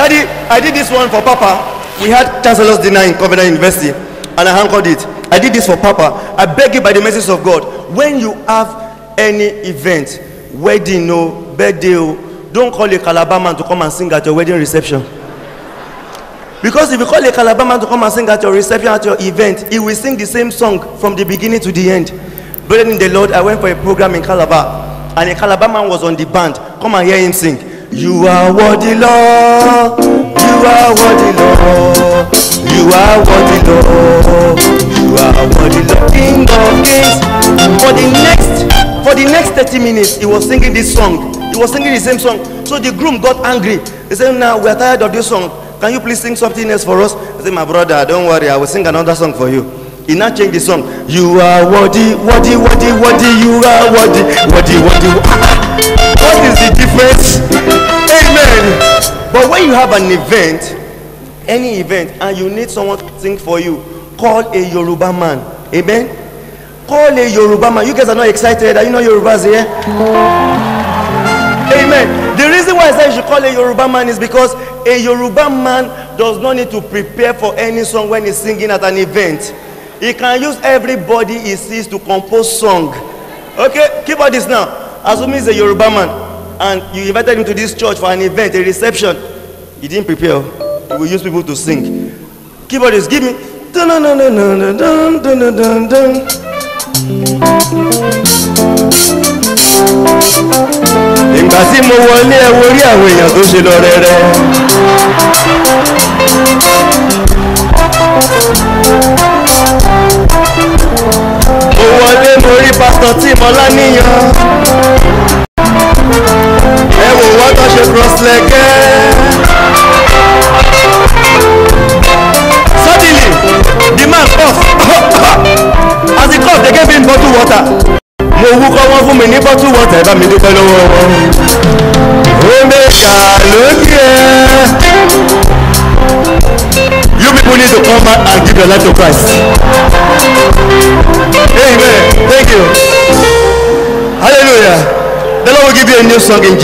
Daddy, I did this one for Papa. We had Chancellor's dinner in Covenant University and I handled it. I did this for Papa. I beg you by the message of God. When you have any event, wedding, no, oh, birthday, oh, don't call a Calabar man to come and sing at your wedding reception. Because if you call a Calabar man to come and sing at your reception, at your event, he will sing the same song from the beginning to the end. Brethren in the Lord, I went for a program in Calabar and a Calabar man was on the band. Come and hear him sing. You are worthy, Lord. You are worthy, Lord. You are worthy, Lord. You are worthy, Lord. King of Kings. For the next, for the next 30 minutes, he was singing this song. He was singing the same song. So the groom got angry. He said, "Now we are tired of this song. Can you please sing something else for us?" I said, "My brother, don't worry. I will sing another song for you." He now changed the song. You are worthy, worthy, worthy, worthy. You are worthy, worthy. worthy. when you have an event any event and you need someone to sing for you call a yoruba man amen call a yoruba man you guys are not excited are you not yorubas here amen the reason why i say you should call a yoruba man is because a yoruba man does not need to prepare for any song when he's singing at an event he can use everybody he sees to compose song okay keep all this now assuming he's a yoruba man and you invited him to this church for an event a reception He didn't prepare. He will use people to sing. Keyboardist, give me. Dun, dun, dun, dun, dun, dun, dun, dun, dun. Ìgbà tí mo wọlé ẹ worí àwọn èèyàn tó ṣe lọ rẹrẹ. Mo wọlé mo rí pásítọ̀ tí mo lá níyàn. wọ́n fún mi ní bọ́tù You people need to come back and give your life to Christ. Amen. Thank you. Hallelujah. The Lord will give you a new song in Jesus.